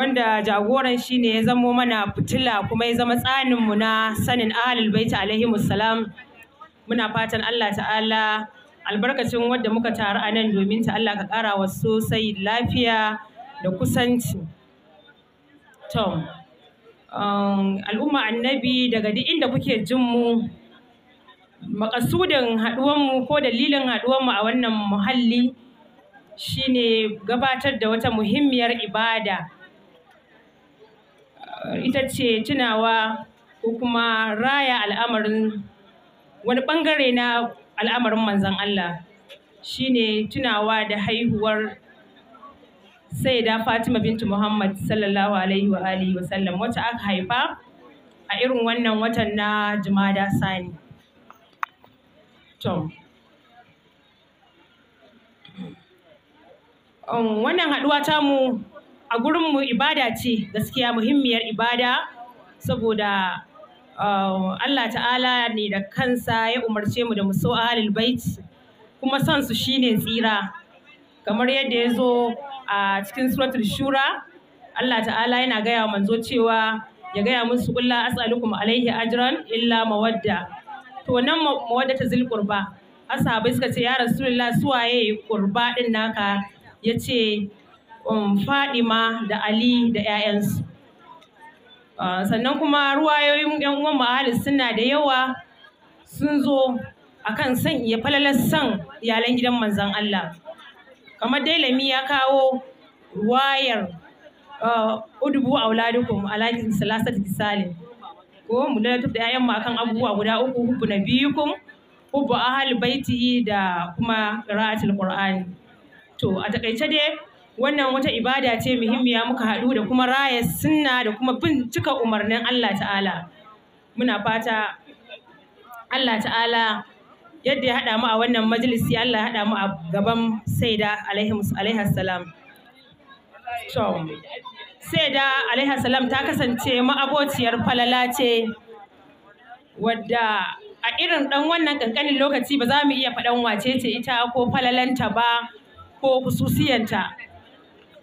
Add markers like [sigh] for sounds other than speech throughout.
wanda jagoran shi ne ya zamo mana fitila kuma ya zama tsaninmu na sanin ahalul baita alaihi musalam muna fatan Allah ta'ala albarkacin wadda muka taru a nan domin ta Allah ka ƙara wa sosai lafiya da kusanci tom um, al'umma annabi daga duk inda kuke jin mu makasudin haɗuwanmu ko dalilin haɗuwanmu a wannan muhalli shine gabatar da wata muhimmiyar ibada ita ce tunawa ko kuma raya al'amarin wani ɓangare na al'amarin manzan Allah shine tunawa da haihuwar saida Fatima bintu Muhammad sallallahu alaihi wa sallam wata aka haifa a irin wannan watan na Jumada Sani. Um, wannan haɗuwa tamu a gurinmu ibada ce gaskiya muhimmiyar ibada saboda uh, Allah ta'ala ne da kansa ya umarce mu da mu so ahalul bait kuma son su shine tsira kamar yadda ya zo a cikin suratul shura Allah ta'ala yana gaya manzo cewa ya gaya musu kulla as'alukum alaihi ajran illa mawadda to nan mawadda ta zil qurba asabai suka ce ya rasulullah suwaye qurba din naka yace um, Fadima da Ali da 'ya'yansu. Uh, sannan kuma ruwayoyin 'yan uwan ma'alis suna da yawa sun zo kan san ya falalar san iyalan gidan manzan Allah. Kamar dai Lami ya kawo wayar uh, udubu auladukum alakin salasat gisalin. Ko mu da 'ya'yan mu akan abubuwa guda uku hubbu na biyukum hubbu ahal baiti da kuma ra'atul qur'ani. To a takaice dai wannan wata ibada ce muhimmiya muka haɗu da kuma raya sunna da kuma bincika umarnin Allah ta'ala muna fata Allah ta'ala yadda ya haɗa mu a wannan majalisi Allah ya haɗa mu a gaban saida alaihi salam saida alaihi salam ta kasance ma'abociyar falala ce wadda a irin ɗan wannan ƙanƙanin lokaci ba za mu iya faɗan wace ce ita ko falalanta ba ko hususiyanta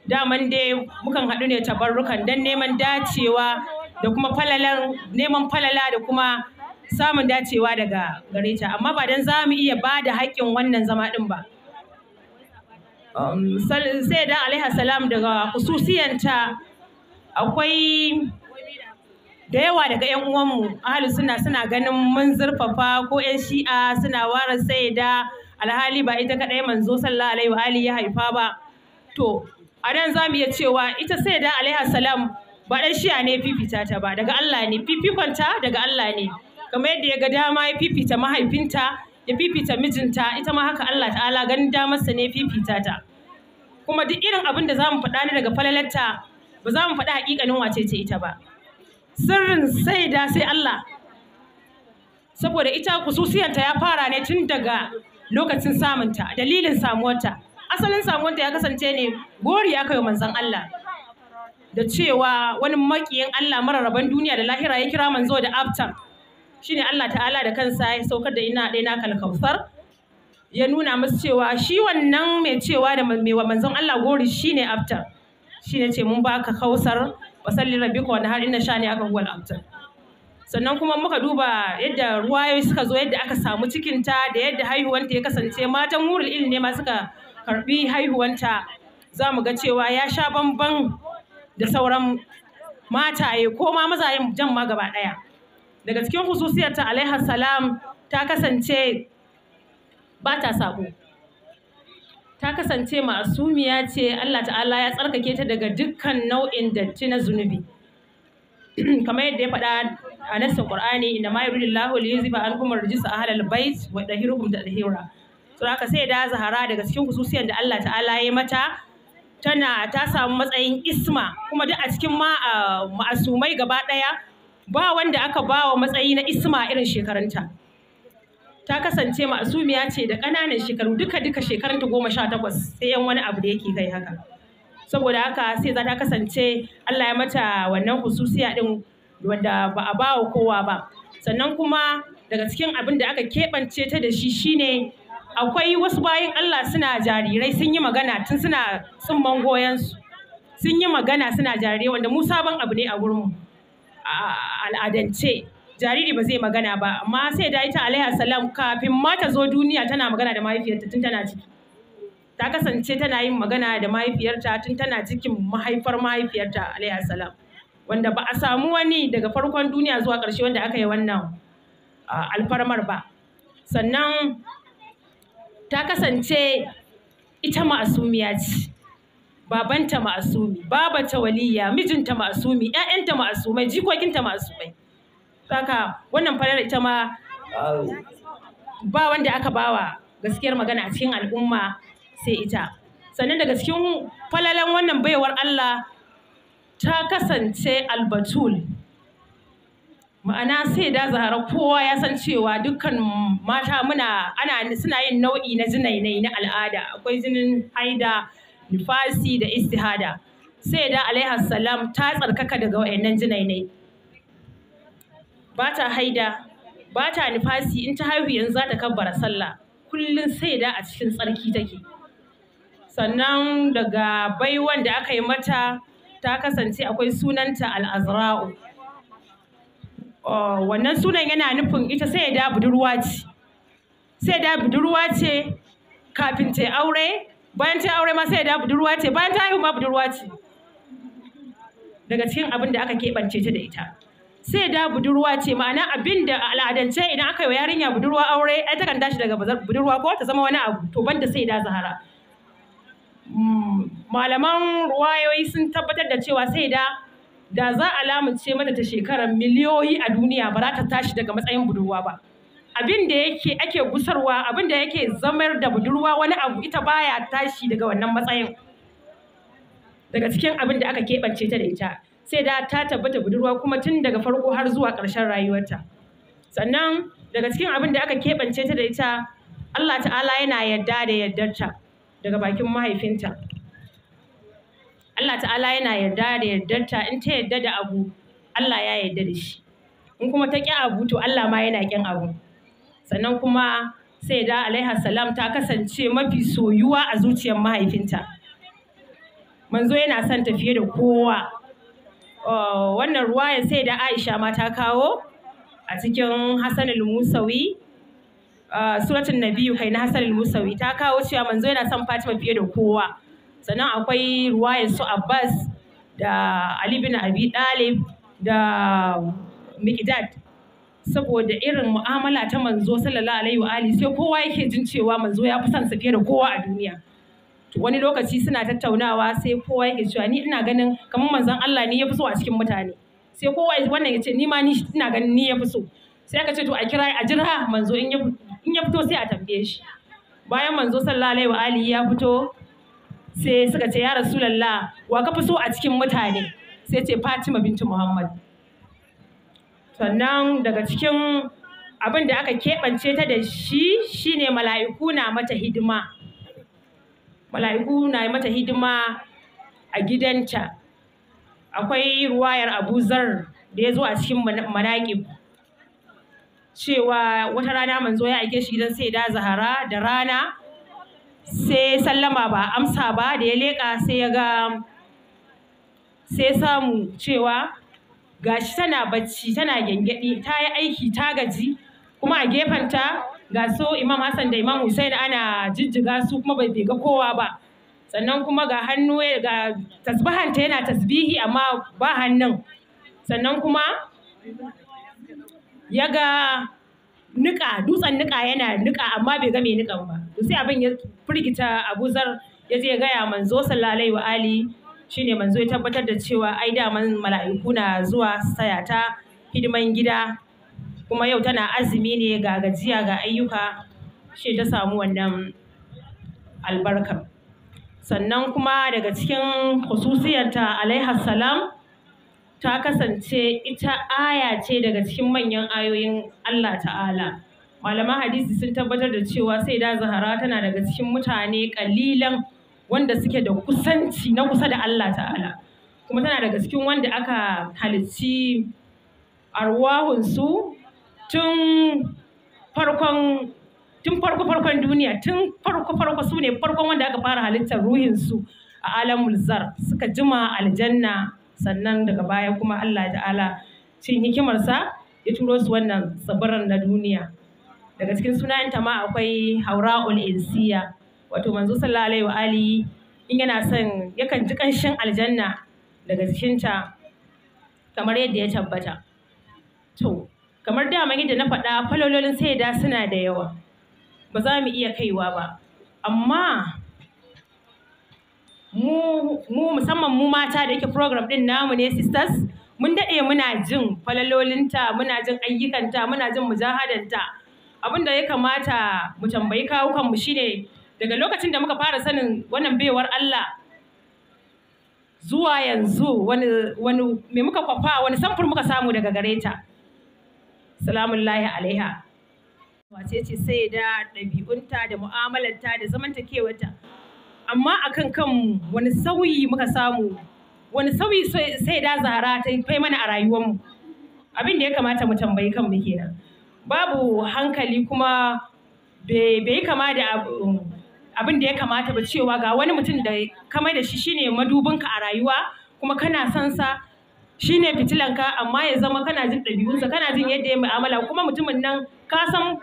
daman dai mukan haɗu ne tabarrukan don neman dacewa da kuma falalan neman falala da kuma samun dacewa daga gare ta amma ba don za mu iya ba da haƙƙin wannan zama ɗin ba sai da alaiha salam daga hususiyanta akwai da yawa daga yan uwanmu ahalu suna suna ganin mun zurfafa ko yan shi'a suna ware sai da alhali ba ita kaɗai manzo sallallahu alaihi wa alihi ya haifa ba to a nan za mu iya cewa ita sai da alaiha salam ba dan shiya ne fifita ta ba daga Allah ne fifikonta daga Allah ne kamar yadda ya ga dama ya fifita mahaifinta ya fifita mijinta ita ma haka Allah ta'ala ganin damarsa ne fifita ta kuma duk irin abin da za mu faɗa ne daga falalarta ba za mu faɗi haƙiƙanin wace ce ita ba sirrin sai da sai Allah saboda ita kususiyanta ya fara ne tun daga lokacin samunta dalilin samuwarta asalin sakonta ya kasance ne gori ya kai manzon Allah da cewa wani makiyin Allah mararraban duniya da lahira ya kira manzo da aftar shine Allah ta'ala da kansa ya saukar da ina ɗaya naka kalkausar ya nuna musu cewa shi wannan mai cewa da mai wa manzon Allah gori shine aftar shine ce mun baka kausar wasalli rabbika wa har inna shani aka huwal aftar sannan kuma muka duba yadda ruwaye suka zo yadda aka samu cikinta da yadda haihuwanta ya kasance matan wurin ilmi ne ma suka karbi haihuwanta za mu ga cewa ya sha bamban da sauran mataye ko ma mazayen jan ma gaba ɗaya daga cikin hususiyarta alaiha salam ta kasance ba ta sabo ta kasance masumiya ce Allah ta'ala ya tsarkake ta daga dukkan nau'in datti na zunubi [clears throat] kamar yadda ya faɗa a nassin Qur'ani inna ma yuridullahu li yuzhiba ankum rijsa ahlal bait wa da tadhira to haka sai da zahara daga cikin hususiyar da Allah ta'ala ya mata tana ta samu matsayin isma kuma duk a cikin ma ma'asumai gaba daya ba wanda aka ba wa matsayi na isma irin shekarunta ta kasance ma'asumiya ce da ƙananan shekaru duka duka shekarunta goma sha takwas sai yan wani abu da yake kai haka saboda haka sai za ta kasance Allah ya mata wannan hususiya din wanda ba a ba wa kowa ba sannan kuma daga cikin abin da aka keɓance ta da shi shine akwai wasu bayan Allah suna jarirai sun yi magana tun suna sun su, sun yi magana suna jarirai wanda mu sabon abu ne a gurin al'adance jariri ba zai magana ba amma sai da ita alaiha salam kafin ma ta zo duniya tana magana da mahaifiyarta tun tana ciki ta kasance tana yin magana da mahaifiyarta tun tana cikin mahaifar mahaifiyarta alaiha salam wanda ba a samu wani daga farkon duniya zuwa ƙarshe wanda aka yi wannan alfarmar ba sannan ta kasance ita ma'asumiya ce babanta ma'asumi babata waliya mijinta ma'asumi ƴaƴanta ma'asumai jikokinta ma'asumai Saka wannan farar ita ma uh, ba wanda aka bawa gaskiyar magana a cikin al'umma sai ita sannan daga cikin falalan wannan baiwar Allah ta kasance albatul ma'ana sai da zahara kowa ya san cewa dukkan mata muna ana suna yin nau'i na jinainai na al'ada akwai jinin haida nifasi da istihada sai da alaiha salam ta tsarkaka daga wayannan jinainai ba ta haida ba ta nifasi in ta haihu yanzu za ta kabbara sallah kullum sai da a cikin tsarki take sannan daga baiwan da aka yi mata ta kasance akwai sunanta al'azra'u Oh, wannan sunan yana nufin ita sai ya da budurwa ce sai da budurwa ce kafin ta aure bayan ta aure ma sai da budurwa ce bayan ta haihu ma budurwa ce daga cikin abin da aka keɓance ta da ita sai da budurwa ce ma'ana abin da al'adance idan aka yi wa yarinya budurwa aure ai takan tashi daga budurwa ko ta zama wani abu to banda sai da zahara hmm, malaman ruwayoyi sun tabbatar da cewa sai da da za a lamunce mata ta shekarar miliyoyi a duniya ba za ta tashi daga matsayin budurwa ba abin da yake ake gusarwa abin da yake zamar da budurwa wani abu ita baya tashi daga wannan matsayin daga cikin abin da aka keɓance ta da ita sai da ta tabbata budurwa kuma tun daga farko har zuwa ƙarshen rayuwarta sannan daga cikin abin da aka keɓance ta da ita Allah ta'ala yana yarda da yardarta daga bakin mahaifinta Allah ta'ala yana yarda da yardarta in ta yarda da abu Allah ya yarda da shi in kuma ta ƙi abu to Allah ma yana ƙin abu sannan kuma sai da alaiha salam ta kasance mafi soyuwa a zuciyar mahaifinta manzo yana son ta fiye da kowa oh, wannan ruwa ya sai da aisha ma ta kawo a cikin hassan musawi ah, suratun nabiyu kai na hassan musawi ta kawo cewa manzo yana son fatima fiye da kowa sannan akwai ruwaya su abbas da ali bin abi dalib da mikdad saboda irin mu'amala ta manzo sallallahu alaihi wa alihi sai kowa yake jin cewa manzo ya fi son sa fiye da kowa a duniya to wani lokaci suna tattaunawa sai kowa yake cewa ni ina ganin kamar manzon Allah ne ya fi so a cikin mutane sai kowa wannan ya ce ni ma ni ina ganin ni ya fi so sai aka ce to a kira a jira manzo in ya fito sai a tambaye shi bayan manzo sallallahu alaihi wa alihi ya fito sai suka ce ya rasulallah wa ka fi so a cikin mutane sai ce fatima bintu muhammad sannan daga cikin abin da aka keɓance ta da shi shine mala'iku na mata hidima mala'iku na mata hidima a gidanta akwai ruwayar abuzar da ya zo a cikin manaƙib cewa wata rana manzo ya aike shi gidan sai da zahara da rana sai sallama ba amsa ba da ya leƙa sai ya ga sai samu cewa gashi tana bacci tana gyangyaɗi ta yi aiki ta gaji kuma a gefenta ga so imam hassan da imam hussein ana jijjiga su kuma bai ga kowa ba sannan kuma ga hannu ga tasbihanta yana tasbihi amma ba hannun sannan kuma ya ga niƙa dutsen niƙa yana niƙa amma bai ga mai niƙan ba to sai abin ya firgita abuzar ya je gaya manzo sallallahu wa ali shine manzo ya tabbatar da cewa ai daman mala'iku na zuwa saya hidiman gida kuma yau tana azumi ne ga gajiya ga ayyuka shi ta samu wannan albarkar sannan kuma daga cikin khususiyarta alaiha salam ta kasance ita aya ce daga cikin manyan ayoyin Allah ta'ala malaman hadisi sun tabbatar da cewa sai da zahara tana daga cikin mutane kalilan wanda suke da kusanci na kusa da Allah ta'ala kuma tana daga cikin wanda aka halicci arwahunsu tun farkon tun farko farkon duniya tun farko farko su ne farkon wanda aka fara halittar ruhinsu a alamul zar suka jima aljanna sannan daga baya kuma Allah ta'ala cin hikimarsa ya turo su wannan tsibiran na duniya daga cikin sunayenta ma akwai haura'ul insiya wato manzo sallallahu alaihi wa alihi in yana son yakan ji kanshin aljanna daga cikinta kamar yadda ya tabbata to kamar da da na faɗa falololin sai da suna da yawa ba za mu iya kaiwa ba amma mu musamman mu mata da yake program din namu ne sisters mun daɗe muna jin falalolinta muna jin ayyukanta muna jin mujahadanta abin da ya kamata mu tambayi kawo kanmu shine daga lokacin da muka fara sanin wannan baiwar Allah zuwa yanzu wani wani muka kwafa wani samfur muka samu daga gare ta salamun lahi alaiha wace ce sai da ɗabi'unta da mu'amalarta da zamantakewarta amma akan kanmu wani sauyi muka samu wani sauyi sai da zahara ta kai mana a rayuwarmu abin da ya kamata mu tambayi kanmu kenan babu hankali kuma bai kama da abin da ya kamata ba cewa ga wani mutum da kamar da shi shine madubinka a rayuwa kuma kana son sa shine fitilanka amma ya zama kana jin ɗabi'unsa kana jin yadda ya mu'amala kuma mutumin nan ka san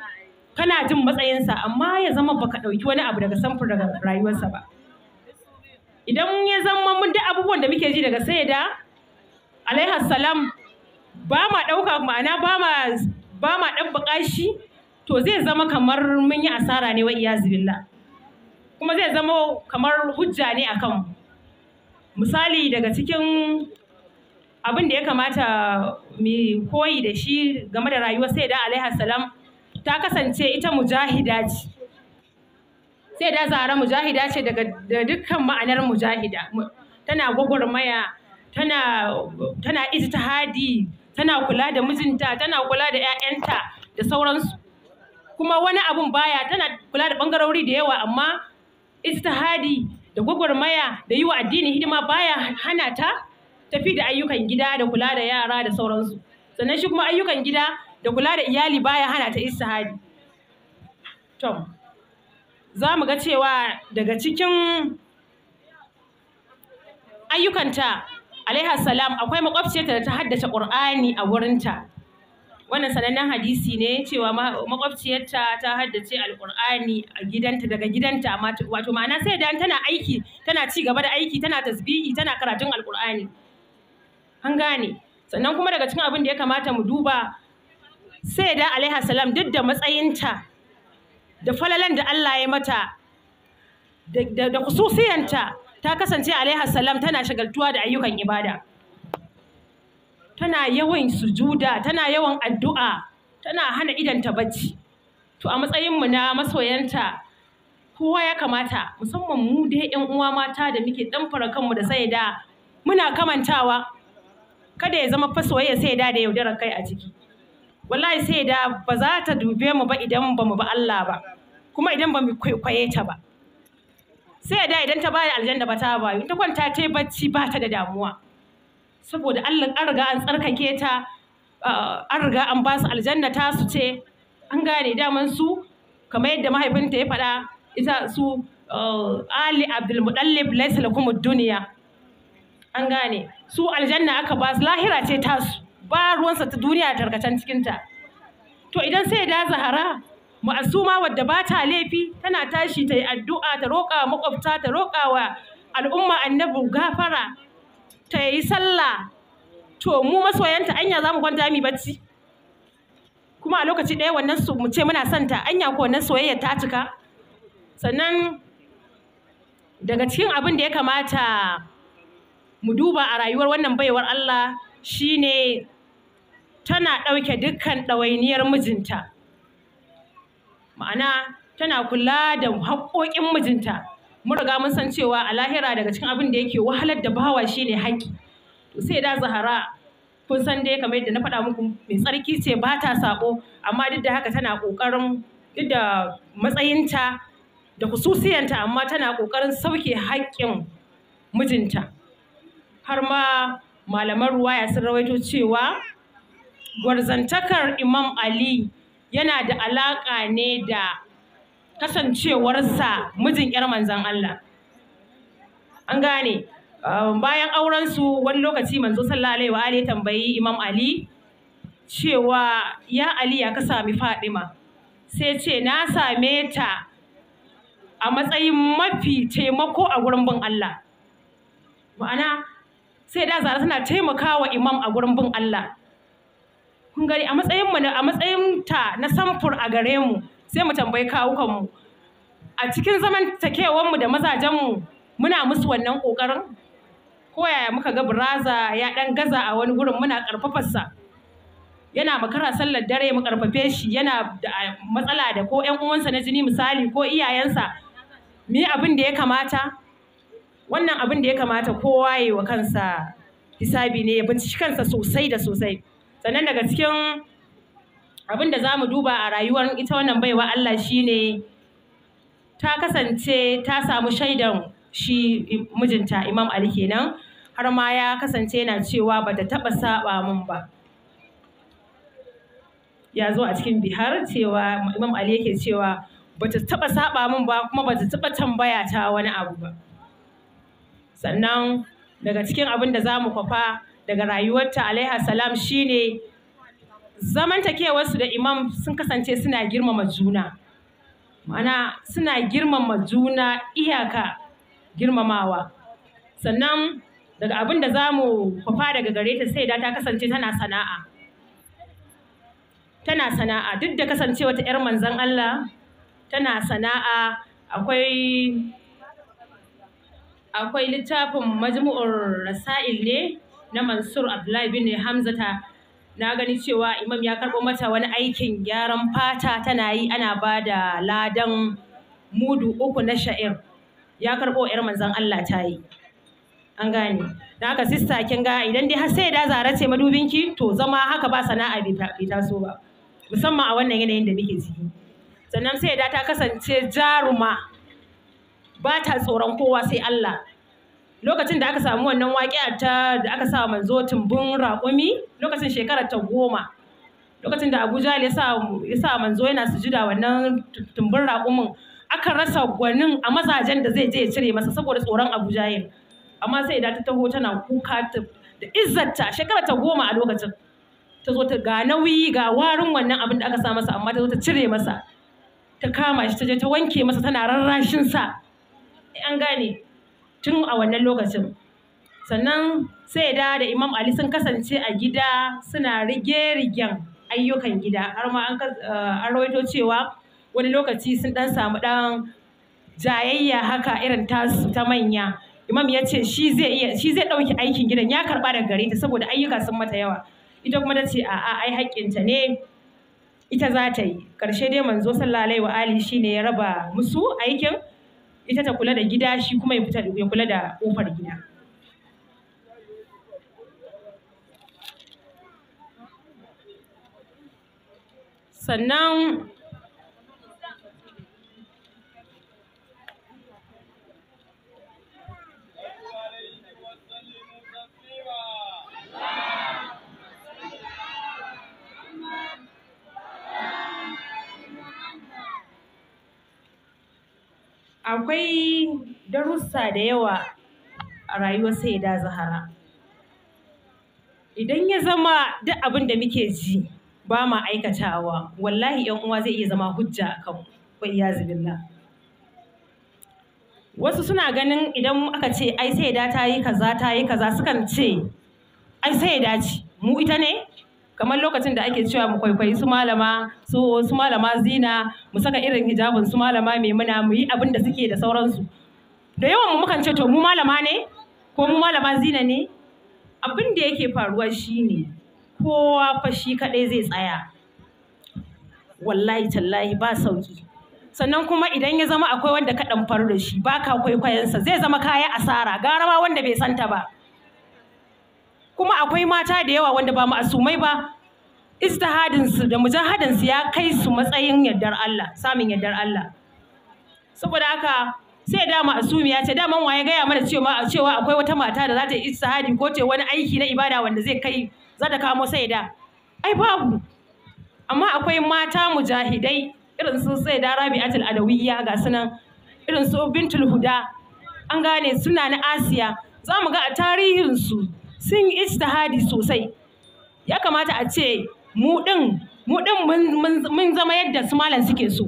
kana jin matsayinsa amma ya zama baka ɗauki wani abu daga samfur daga rayuwarsa ba idan ya zama mun da abubuwan da muke ji daga sai da alaihassalam ba ma ɗauka ma'ana ba ma ba ma ɗan shi to zai zama kamar mun yi asara ne wa iyazu kuma zai zama kamar hujja ne akan misali daga cikin abin da ya kamata mu koyi da shi game da rayuwa, sai da alaihi salam ta kasance ita mujahida ce sai da zara mujahida ce daga da dukkan ma'anar mujahida tana gwagwarmaya tana tana hadi. tana kula da mijinta tana kula da 'ya'yanta da sauransu kuma wani abun baya tana kula da ɓangarori da yawa amma istihadi da gwagwarmaya da yi wa addini hidima baya hana ta tafi da ayyukan gida da kula da yara da sauransu sannan shi kuma ayyukan gida da kula da iyali baya hana ta istihadi to za mu ga cewa daga cikin ayyukanta alaiha salam akwai makwabciyarta da ta haddace Qur'ani a wurinta wannan sanannen hadisi ne cewa makwabciyarta ta haddace alqur'ani a gidanta daga gidanta wato ma'ana sai dan tana aiki tana ci gaba da aiki tana tasbihi tana karatun alqur'ani an gane sannan kuma daga cikin abin da ya kamata mu duba sai da alaiha salam duk da matsayinta da falalan da Allah ya mata da kususiyanta ta kasance alaihi salam tana shagaltuwa da ayyukan ibada tana yawan sujuda tana yawan addu'a tana hana ta bacci to a matsayin mu na masoyanta kowa ya kamata musamman mu da yan uwa mata da muke dan fara kanmu da sai muna kamantawa kada ya zama fasoyayya sai da da yaudarar kai a ciki wallahi sai da ba za ta dube mu ba idan ba mu ba Allah ba kuma idan ba mu kwaikwaye ta ba sai da idan ta bani aljanna ba ta bayu ta kwanta ta bacci ba ta da damuwa saboda Allah an riga an tsarkake ta uh, an riga an ba su aljanna ta su ce an gane daman su kamar yadda mahaifinta ya faɗa ita su uh, Ali Abdul, Abdulmudallib laysa lakum duniya an gane su aljanna aka ba su lahira ce ta su. ba ruwansa ta duniya tarkacen cikinta to idan sai da Zahara ma'asuma wadda ba ta laifi tana tashi ta yi addu'a ta roƙa wa maƙwabta, ta roƙa wa al'umma annabi gafara ta yi sallah to mu masoyanta anya za mu kwanta mi bacci kuma a lokaci ɗaya wannan su mu ce muna son ta anya ko wannan soyayya ta cika sannan daga cikin abin da ya kamata mu duba a rayuwar wannan baiwar Allah shine tana ɗauke dukkan ɗawainiyar mijinta ma'ana tana kula da haƙoƙin mijinta mun riga mun san cewa a lahira daga cikin abin da yake wahalar da bawa shine haƙƙi to sai da zahara kun san dai kamar yadda na faɗa muku mai tsarki ce ba ta saƙo amma duk da haka tana ƙoƙarin duk da matsayinta da hususiyanta amma tana ƙoƙarin sauke haƙƙin mijinta har ma malaman ya sun rawaito cewa gwarzantakar imam ali yana da alaƙa ne da kasancewarsa mijin 'yar manzan Allah. An gane, um, bayan aurensu wani lokaci manzo sallallahu alaihi wa tambayi Imam Ali cewa ya Ali ya ka sami Fadima. Sai ce na same ta a matsayin mafi taimako a gurin bin Allah. Ma'ana sai da zara tana wa Imam a gurin bin Allah. kun gani a matsayin mu a matsayin ta na samfur a gare mu sai mu tambayi kawukan mu a cikin zaman takewar mu da mazajen mu muna musu wannan kokarin ko yaya muka ga buraza ya dan gaza a wani gurin muna karfafarsa yana makara sallar dare mu karfafe shi yana da matsala da ko ƴan uwansa na jini misali ko iyayensa mu abin da ya kamata wannan abin da ya kamata kowa yayi wa kansa hisabi ne ya binciki kansa sosai da sosai sannan daga cikin abin da za mu duba a rayuwar ita wannan baiwa Allah shi ne, ta kasance ta samu shaidan shi mijinta Imam Ali kenan har ma ya kasance yana cewa ba ta taɓa saɓa mun ba ya zo a cikin bihar cewa Imam Ali yake cewa ba ta taɓa saɓa min ba kuma ba ta taɓa tambaya ta wani abu ba sannan daga cikin abin da za mu kwafa daga rayuwarta alaiha salam shine zamantakewarsu da imam sun kasance suna girmama juna mana suna girmama juna iyaka girmamawa sannan daga abin da za mu kwafa daga gare ta sai da ta kasance tana sana'a tana sana'a duk da kasancewa ta 'yar manzan Allah tana sana'a akwai akwai littafin majmu'ur rasa'il ne na Mansur Abdullahi bin Hamzata na gani cewa imam ya karɓo mata wani aikin gyaran fata tana yi ana ba da ladan mudu uku na sha'ir ya karɓo yar manzan Allah ta yi an gane da haka sista kin ga idan dai har sai da zara ce madubinki to zama haka ba sana'a bai taso ba musamman a wannan yanayin da muke ciki sannan sai da ta kasance jaruma ba ta tsoron kowa sai Allah lokacin da aka samu wannan waƙiya ta da aka sa manzo tumbun raƙumi lokacin shekarar ta goma lokacin da abuja ya sa manzo yana sujuda wannan tumbun raƙumin aka rasa gwanin a mazajen da zai je ya cire masa saboda tsoron abuja yin amma sai idan ta taho tana kuka da izzarta shekara ta goma a lokacin ta zo ta ga nauyi ga warin wannan abin da aka sa masa amma ta zo ta cire masa ta kama shi ta je ta wanke masa tana rarrashin sa an gane tun a wannan lokacin sannan sai da da imam ali sun kasance a gida suna rige-rigen ayyukan gida har ma an eh, rawaito cewa wani lokaci sun dan samu dan jayayya haka irin tasu ta manya imam ya ce shi zai iya shi zai ɗauki aikin gidan ya karba daga gare ta saboda ayyuka sun mata yawa ita kuma ta ce a'a ai haƙƙinta ne ita za ta yi ƙarshe dai manzo sallallahu alaihi wa alihi shine ya raba musu aikin ita ta kula da gida shi kuma ya fita ya kula da kofar gida sannan akwai darussa da yawa a rayuwar saida zahara idan ya zama duk abin da muke ji ba ma aikatawa wallahi yan uwa zai iya zama hujja a kan wasu suna ganin idan aka ce ai saida ta yi kaza ta yi kaza sukan ce ai saida ce mu ita ne kamar lokacin da ake cewa mu kwaikwayi su malama su su malama zina mu saka irin hijabin su malama maimuna mu yi abin da suke da sauransu da yawan mu mukan ce to mu malama ne ko mu malama zina ne abin da yake faruwa shine kowa fa shi kadai zai tsaya wallahi tallahi ba sauki sannan kuma idan ya zama akwai wanda ka faru da shi baka kwaikwayansa zai zama kaya asara gara ma wanda bai santa ba kuma akwai mata da yawa wanda ba ma'asumai ba istihadinsu da mujahadinsu ya kai su matsayin yardar Allah samun yardar Allah saboda haka sai da ma'asumi ya ce daman waye gaya mana cewa cewa akwai wata mata da za ta yi istihadi ko ce wani aiki na ibada wanda zai kai za ta kamo sai da ai babu amma akwai mata mujahidai irin su sai da rabi'atul adawiyya ga sunan irin su bintul huda an gane suna na asiya za mu ga a tarihinsu sun istihadi sosai ya kamata a ce mu din mu din mun zama yadda su malam suke so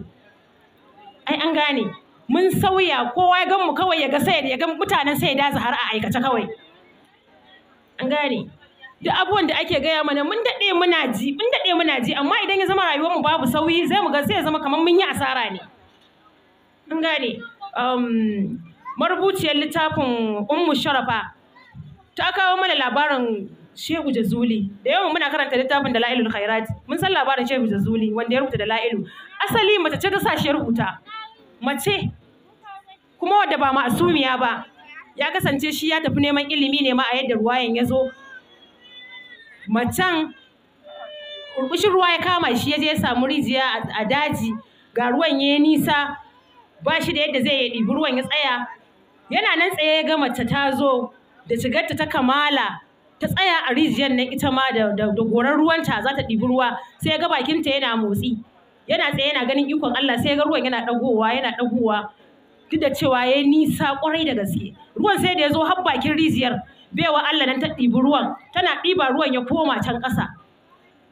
ai an gane mun sauya kowa ya gan mu kawai ya ga sai ya ga mutanen sai da har a aikata kawai an gane duk abubuwan da ake gaya mana mun daɗe muna ji mun daɗe muna ji amma idan ya zama rayuwar mu babu sauyi zai mu ga sai ya zama kamar mun yi asara ne an gane um, marubuciyar littafin ummu sharafa ta kawo mana labarin Shehu Jazuli da yawan muna karanta littafin da La'ilul Khairat mun san labarin Shehu Jazuli wanda ya rubuta da La'ilu asali mace ce ta sa shi rubuta mace kuma wadda ba ma'asumiya ba ya kasance shi ya tafi neman ilimi ne ma a yadda ruwayan ya zo macen ƙurƙushin ruwa ya kama shi ya je ya samu rijiya a daji ga ruwan ya nisa ba shi da yadda zai ɗibi ruwan ya tsaya yana nan tsaye ya ga mace ta zo da shigarta ta kamala ta tsaya a rijiyar nan ita ma da gorar ruwanta za ta ɗibi ruwa sai ga bakinta yana motsi yana tsaye yana ganin ikon Allah sai ga ruwan yana ɗagowa yana ɗagowa duk da cewa ya nisa kwarai da gaske ruwan sai da ya zo har bakin rijiyar baiwa Allah nan ta ɗibi ruwan tana ɗiba ruwan ya koma can ƙasa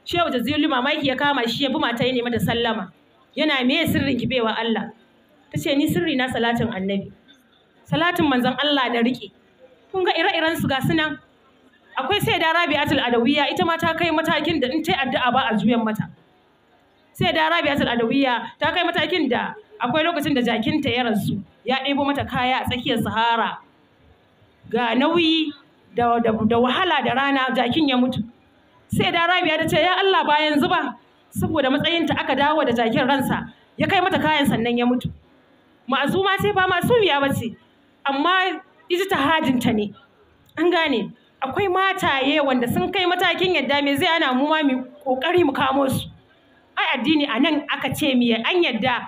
shehu da jazilu mamaki ya kama shi ya bi mata ya nemi da sallama yana me sirrin ki baiwa Allah ta ce ni sirri na salatin annabi salatin manzon Allah na riƙe kun ga ire-iren su ga sunan akwai sai da rabi'atul adawiya ita ma ta kai matakin da in ta addu'a ba a juyan mata sai da rabi'atul adawiya ta kai matakin da akwai lokacin da jakinta ya rasu ya ɗebo mata kaya a tsakiyar sahara ga nauyi da, da wahala da rana jakin ya mutu sai da rabi'a ta ce ya Allah bayan zuba saboda matsayinta aka dawo da jakin ransa ya kai mata kayan sannan ya mutu ma'azuma ce ba masumiya ba ce amma ta ta ne an gane akwai mataye wanda sun kai matakin yadda me zai ana mu ma mu kokari mu kamo su ai addini a nan aka ce mi an yadda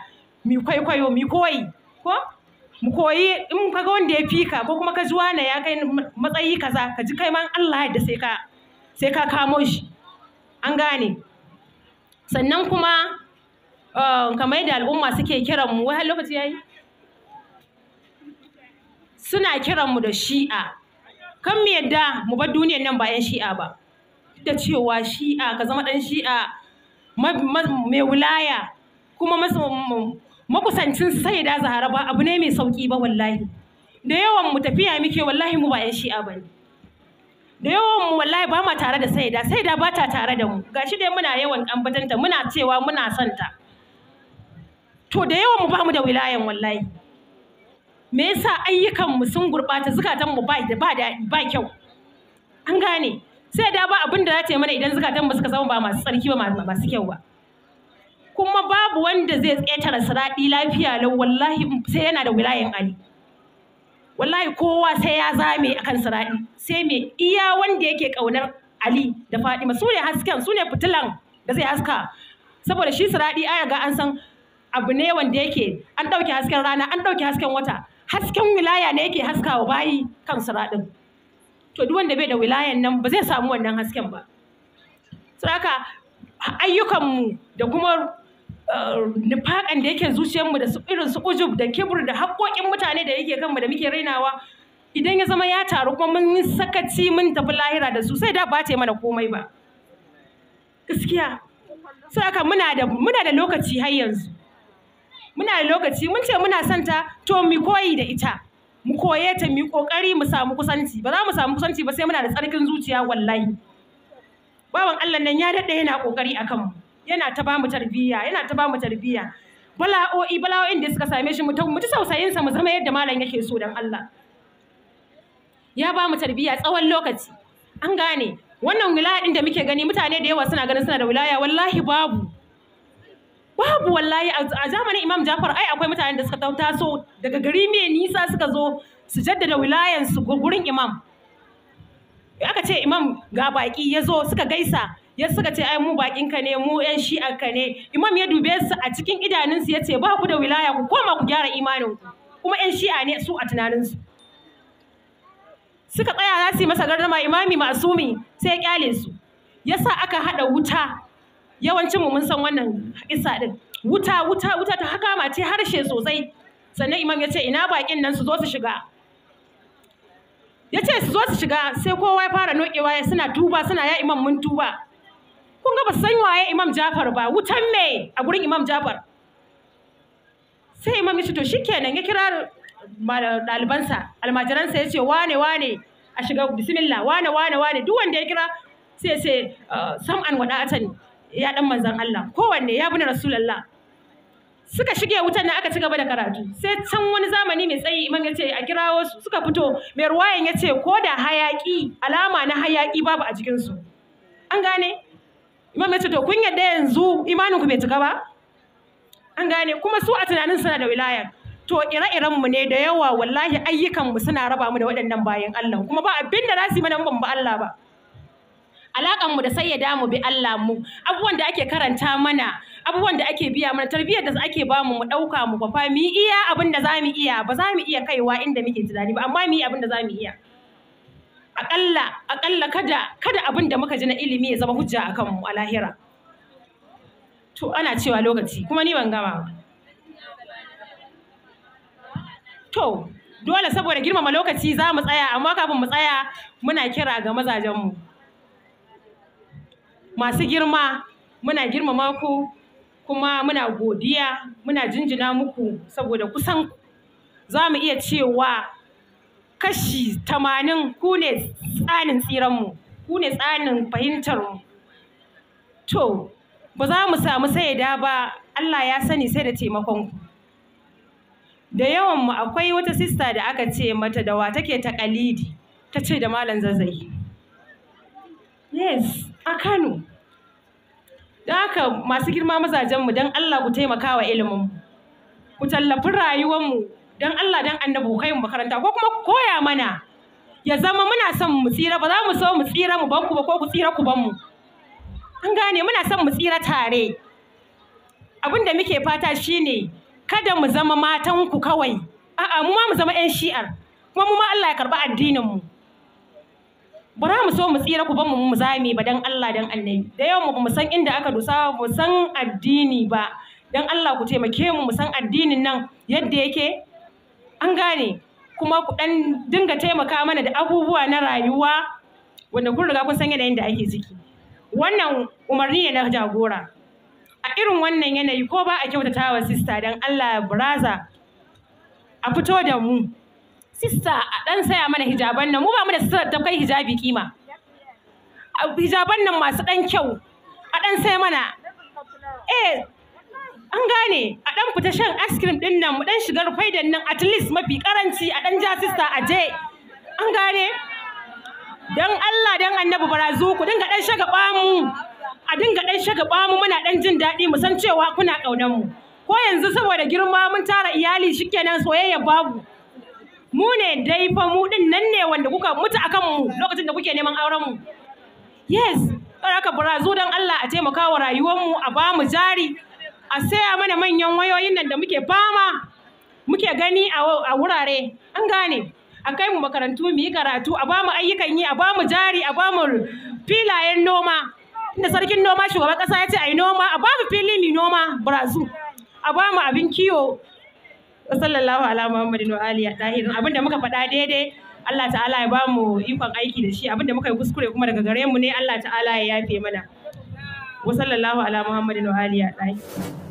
mi kwaikwayo mi koyi ko mu koyi in ka ga wanda ya fika ka ko kuma ka ji wani ya kai matsayi kaza ka ji kai man Allah yadda sai ka sai ka kamo shi an gane sannan kuma eh, kamar yadda al'umma suke kiran mu wai lokaci yayi suna kiran mu da shi'a kan mu yadda mu bar duniyar nan ba 'yan shi'a ba da cewa shi'a ka zama dan shi'a mai wilaya kuma makusancin sai da zahara ba abu ne mai sauki ba wallahi da yawan mu tafiya muke wallahi mu ba 'yan shi'a ba ne da yawan mu wallahi ba ma tare da saida saida ba ta tare da mu gashi dai muna yawan ambatanta muna cewa muna son ta to da yawan mu ba mu da wilayan wallahi me yasa ayyukan mu sun gurbata zukatan mu ba da ba ba kyau an gane sai da ba abin da za ta yi mana idan zukatan suka zama ba masu tsarki ba masu kyau ba kuma babu wanda zai ƙetare siraɗi lafiya lau wallahi sai yana da wilayen ali wallahi kowa sai ya zame akan siraɗi sai mai iya wanda yake kaunar ali da fadima su ne hasken su ne fitilan da zai haska saboda shi siraɗi aya ga an san abu ne wanda yake an ɗauke hasken rana an ɗauke hasken wata hasken wilaya ne yake wa bayi kan suraɗin to duk wanda bai da wilayan nan ba zai samu wannan hasken ba saboda ayyukanmu da kuma eh, nufaƙan da yake zuciyarmu da irin su ujub da kibir da haƙoƙin mutane da yake kanmu da muke rainawa idan ya zama ya taru kuma mun sakaci mun tafi lahira da su sai da ba mana komai ba gaskiya saboda muna da muna da lokaci har yanzu muna da lokaci mun ce muna son ta to mu koyi da ita mu koye ta mu kokari mu samu kusanci ba za mu samu kusanci ba sai muna da tsarkin zuciya wallahi Baban Allah nan ya dade yana kokari akan mu yana ta bamu tarbiyya yana ta bamu tarbiyya bala'o'i bala'o'in da suka same shi mutum mu sausayin sa mu zama yadda malam yake so dan Allah ya bamu tarbiyya tsawon lokaci an gane wannan wilaya din da muke gani mutane da yawa suna ganin suna da wilaya wallahi babu babu wallahi a zamanin imam jafar ai akwai mutanen da suka taso daga gari mai nisa suka zo su jaddada wilayansu gurin imam aka ce imam ga baki ya zo suka gaisa ya suka ce ai mu bakin ka ne mu yan shi'arka ne imam ya dube su a cikin idanunsu ya ce ba ku da wilaya ku koma ku gyara imanin kuma yan shi'a ne su a tunaninsu suka tsaya za su yi masa gardama imami masumi sai ya kyale su yasa aka hada wuta yawancin mu mun san wannan isa din wuta wuta wuta ta haka mace harshe sosai sannan imam ya ce ina bakin nan su zo su shiga ya ce su zo su shiga sai kowa ya fara nokewa ya suna tuba suna ya imam mun tuba kun ga ba san waye imam jafar ba wutan me a gurin imam jafar sai imam ya ce to shikenan ya kira dalibansa. almajiransa ya ce wane wane a shiga bismillah wane wane wane duk wanda ya kira sai sai ce ah, sam'an wada'atan ya dan manzan Allah kowanne ya bi rasulullah suka shige wutan nan aka ci gaba da karatu sai can wani zamani mai tsayi imam ya a kirawo suka fito mai ruwayan ya ko da hayaki alama na hayaki babu a cikin su an gane imam ya to kun yadda yanzu imanin ku bai cika ba an gane kuma su a tunanin suna da wilaya to ire-iren mu ne da yawa wallahi ayyukan mu suna raba mu da waɗannan bayan Allah kuma ba abin da rasi mana ban ba Allah ba alaƙar mu da sayyada mu bi Allah mu abubuwan da ake karanta mana abubuwan da ake biya mana tarbiyyar da ake ba mu mu ɗauka mu kwafa mu iya abin da zamu iya ba za mu iya kaiwa inda muke tunani ba amma mu yi abin da zamu iya akalla akalla kada kada abin da muka ji na ilimi ya zama hujja akan mu a lahira to ana cewa lokaci kuma ni ban gama to dole saboda girmama lokaci za mu tsaya amma kafin mu tsaya muna kira ga mazajenmu mu masu girma muna girmama ku kuma muna godiya muna jinjina muku saboda kusan za mu iya cewa kashi tamanin ku ne tsanin tsiranmu ku ne tsanin fahimtarmu to ba za mu samu saida ba Allah ya sani sai da taimakon ku. da yawan mu akwai wata sista da aka ce mata da wa take ta kalidi ta ce da malam zazzai yes a Kano. Don haka masu girma mazajenmu don Allah ku taimaka wa ilimin ku tallafi rayuwarmu don Allah don annabi kai mu makaranta ko kuma koya mana ya zama muna son mu tsira ba za mu so mu tsira mu banku ba ko ku tsira ku mu An gane muna son mu tsira tare. Abin da muke fata shine kada mu zama matanku kawai. A'a mu ma mu zama 'yan shi'ar. kuma mu ma Allah ya karɓi addinin mu ba za mu so mu tsira ku ba mu zame ba dan Allah dan Annabi da yau mu mu san inda aka dusa mu san addini ba dan Allah ku taimake mu mu san addinin nan yadda yake an gane kuma ku dan dinga taimaka mana da abubuwa na rayuwa wanda kun riga kun san yanayin da ake ciki wannan umarni ne na jagora a irin wannan yanayi ko ba a kyautata wa sista dan Allah braza a fito da mu sista a ɗan saya mana hijaban nan mu ba mu da sista ta kai hijabi kima hijaban nan masu ɗan kyau a ɗan saya mana eh an gane a ɗan fita shan ice cream ɗin nan mu ɗan shiga rufaidan nan at least mafi karanci a ɗan ja sista a je an gane dan Allah dan annabi barazu ku dinga ɗan shagaba mu a dinga ɗan shagaba mu muna ɗan jin daɗi mu san cewa kuna ƙaunar mu ko yanzu saboda girma mun tara iyali shikenan soyayya babu mu ne dai fa mu din nan ne wanda kuka mutu akan mu lokacin da kuke neman auren mu yes haka barazu dan Allah a taimaka wa rayuwar mu a bamu jari a saya mana manyan wayoyin nan da muke fama muke gani a wurare an gane a kai mu makarantu mu yi karatu a bamu ayyukan yi a bamu jari a bamu filayen noma Inda sarkin noma shugaban kasa ya ce a yi noma a bamu fili mu noma Barazu. a bamu abin kiwo sallallahu ala muhammadin wa ali tahirin abinda muka faɗa daidai Allah ta'ala ya bamu ikon aiki da shi abinda muka yi kuskure kuma daga gare mu ne Allah ta'ala ya yafe mana wa sallallahu ala muhammadin wa ali tahirin